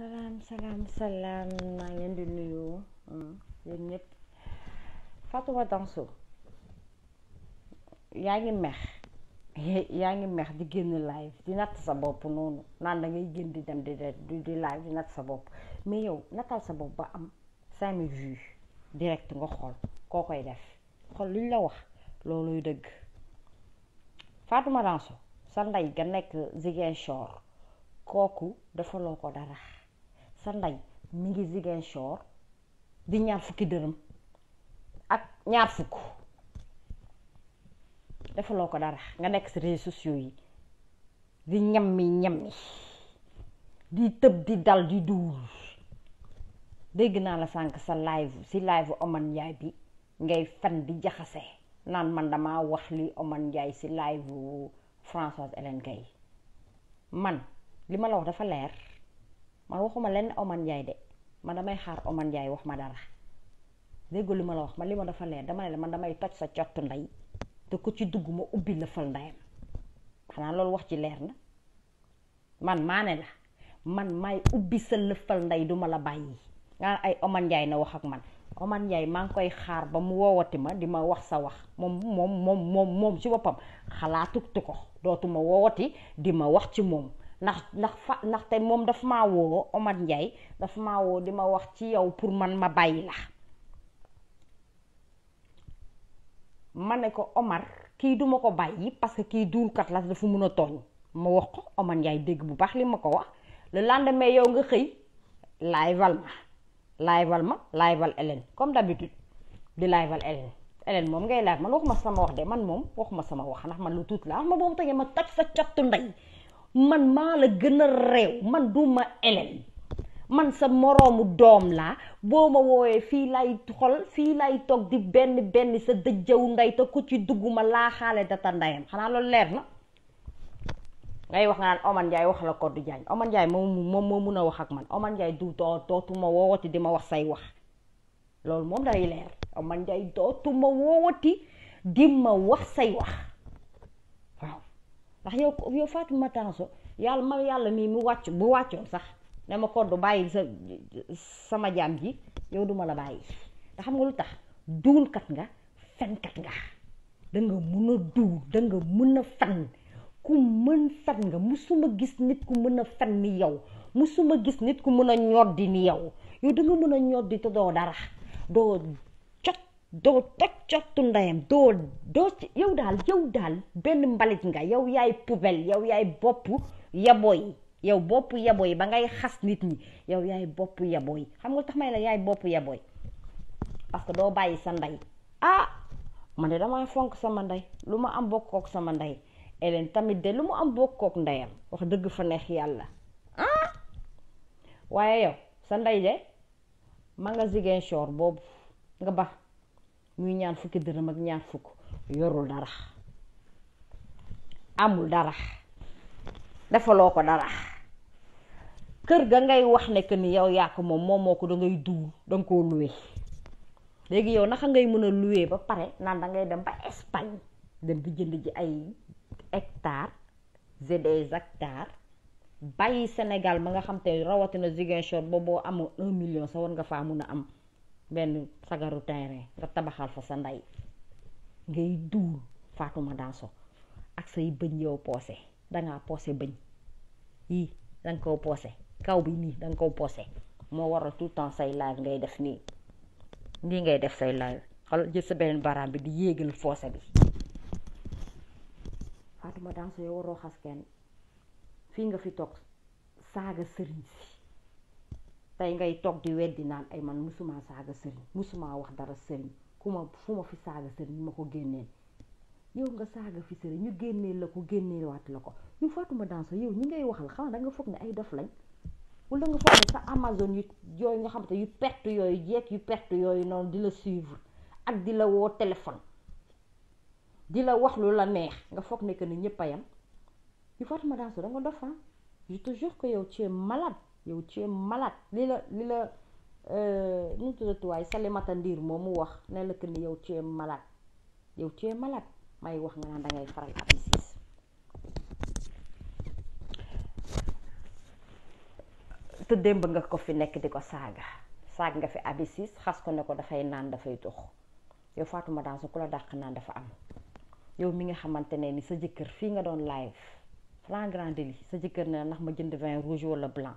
salaam salaam salaam maa ngi leen di nuyu hmm. yéen ñëpp Fatouma Danso yaa ngi mex yaa ngi mex di génn live di natt sa bopp noonu naan da génn di dem di di live di natt sa bopp mais yow nattal sa bopp ba am cinq mille direct nga xool koo koy def xool la wax looluy dëgg Fatouma Danso sa kooku defaloo ko dara sa nday mi ngi Ziguinchor di ñaar fukki dërëm ak ñaar fukk defaloo ko dara nga nekk si réseaux sociaux yi di ñam mi di tëb di dal di duul dégg naa la sànq sa live si live Oman yaay bi ngay fan di jaxase naan man dama wax li Oman yaay si live Françoise Hélène gay, man li ma la wax dafa leer man waxuma o Oman Njaay de man damay xaar Oman Njaay wax ma dara déggoo li ma la wax man li ma dafa leer dama ne man damay toj sa cottu nday te ku ci dugg ma ubbi la fal ndayam xana loolu wax ci leer na man mané la man may ubbi sa fal nday duma la bayyi nga ay Oman Njaay na wax ak man Oman Njaay maa ngi koy xaar ba mu wowati ma di wax sa wax mom mom mom mom mom ci boppam xalaatu ko dotuma wowati di wax ci mom ndax ndax fa ndaxte moom dafa ma woo Omar njaay dafa ma woo di ma wax ci yow pour man ma bàyyi la ma ne ko Omar kii duma ko bàyyi parce que kii duulkat la dafa mun a tooñ ma wax ko Omar Ndiaye dégg bu baax li ma ko wax le lendemain yow nga xëy laay val laay val ma laay val Hélène comme d'habitude di laay val Hélène Hélène moom ngay laaj man waxuma sama wax de man moom wax ma sama wax ndax man lu tuut la ma boobu tegee ma toj sa cottu ndey man maa la gën a réew man du ma Hélène man sa moroomu doom laa boo ma woowee fii lay xol fii lay toog di benn benn sa dëjjaw ndey te ko ci dugguma laa xaale data ndeyam xanaa loolu leer na ngay wax nga naan Oman Ndiaye wax la Codou Diagne Oman Ndiaye moom moom moo mun a wax ak man Oman Ndiaye du dootuma woowati di ma wax say wax loolu moom day leer Oman Ndiaye dootuma woowati di ma wax say wax ndax yow yow Fatouma yàlla ma yàlla mii mu wàcc bu wàccoon sax ne ma koddu bàyyi sa sama jaam ji yow duma la bàyyi te xam nga lu tax duulkat nga fenkat nga da nga mun a duul da nga mën a fen ku mën fen nga mu suma gis nit ku mën a fen ni yow mu suma gis nit ku mën a ñoddi ni yow yow da nga mën a ñoddi te doo dara doo doo toj cottu ndeyam doo doo yow daal yow daal benn mbalit nga yow yaay poubelle yow yaay bopp yaboo yi yow bopp yaboo yi ba ngay xas nit ñi yow yaay boppu yaboo yi xam nga tax may la yaay bopp yaboo yi parce que doo bàyyi sa ndey ah man de damaa fonk sama ndey lu ma am bokkook sama ndey Hélène tamit de lu mu am bokkook ndeyam wax dëgg fa neex yàlla ah waaye yow sa ndey de ma nga Ziguinchor boobu nga ba muy ñaan fukki dërëm ak ñaar fukk yorul dara amul dara defaloo ko dara kër ga ngay wax ne que ni yow yaa moom moom moo ko da ngay duul da nga koo loué léegi yow naka ngay mën a loué ba pare naan da ngay dem ba Espagne dem di jënd ji ay hectare des hectares bàyyi Sénégal ba nga xam te rawatina Ziguinchor ba boo amul million sa war nga faa mun a am benn sagaru terrain nga tabaxal fa sa ndey ngay duul Fatouma Danso ak say bëñ yow poose dangaa poose bëñ yii danga koo poose kaw bi nii danga koo poose moo waral tout temps say live ngay def nii nii ngay def say live xal jël sa beneen baaraam bi di yéegal foose bi Fatouma Danso yow waroo xas kenn fii nga fi toog saaga sëriñ si tey ngay tok di weddi nan ay man musuma saga serigne musuma wax dara serigne ku fuma ma fi saga serigne ma ko yow nga saga fi serigne ñu génneel la ko génneel wat la ko ñu fatuma Danso yow ñi ngay waxal xanaa da nga fokk ni ay dof lañ wala nga foog sa Amazon yu joy nga xam yu perte yoy jek yu perte yoy non di la suivre ak di la woo téléphone di la wax lu la neex nga fokk ne que ne ñeppayam a yam ñu Fatouma Danso da nga dof ah je te jure que yow tu malade yow tu es malade li la li la euh, nu mu tuddati waay Salimata Ndiir moom mu wax ne la que ni yow tu es malade yow tu es malade may wax nga naan da faral Abdou Ciss te démb nga ko fi nekk di ko saaga saag nga fi Abdou xas ko ne ko dafay naan dafay tux yow Fatouma Danso ku la dàq naan dafa am yow mi nga xamante ne ni sa jëkkër fii nga doon live flagrant délit sa jëkkër ne ndax ma jënd vin rouge wala blanc.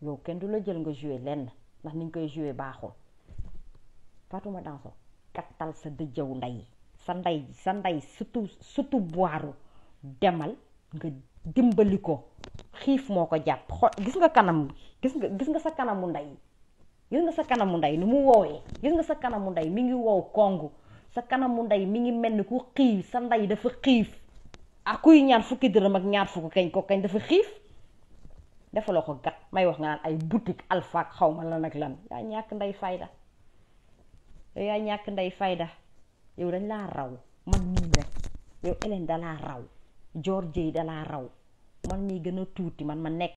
yow kenn du la jël nga joué lenn ndax niñ koy joué baaxul Fatouma Danso kattal sa dëjëw ndey sa ndey sa nday surtout surtout boiru demal nga dimbali ko xiif moo ko jàpp xo gis nga kanam gis nga gis nga sa kanamu ndey gis nga sa kanamu ndey nu mu woowee gis nga sa kanamu ndey mi ngi wow kong sa kanamu ndey mi ngi mel ni ku xiif sa ndey dafa xiif ak kuy ñaar fukki dërëm ak ñaar fukki kañ ko kañ dafa xiif defaloo ko gat may wax nga naan ay boutique alpha xaw ma lan ak lan yaa ñàkk nday fayda yaa ñàkk ndey fayda yow dañ laa raw man nii rek yow Hélène dalaa raw George yi dalaa raw man mii gën a tuuti man ma nekk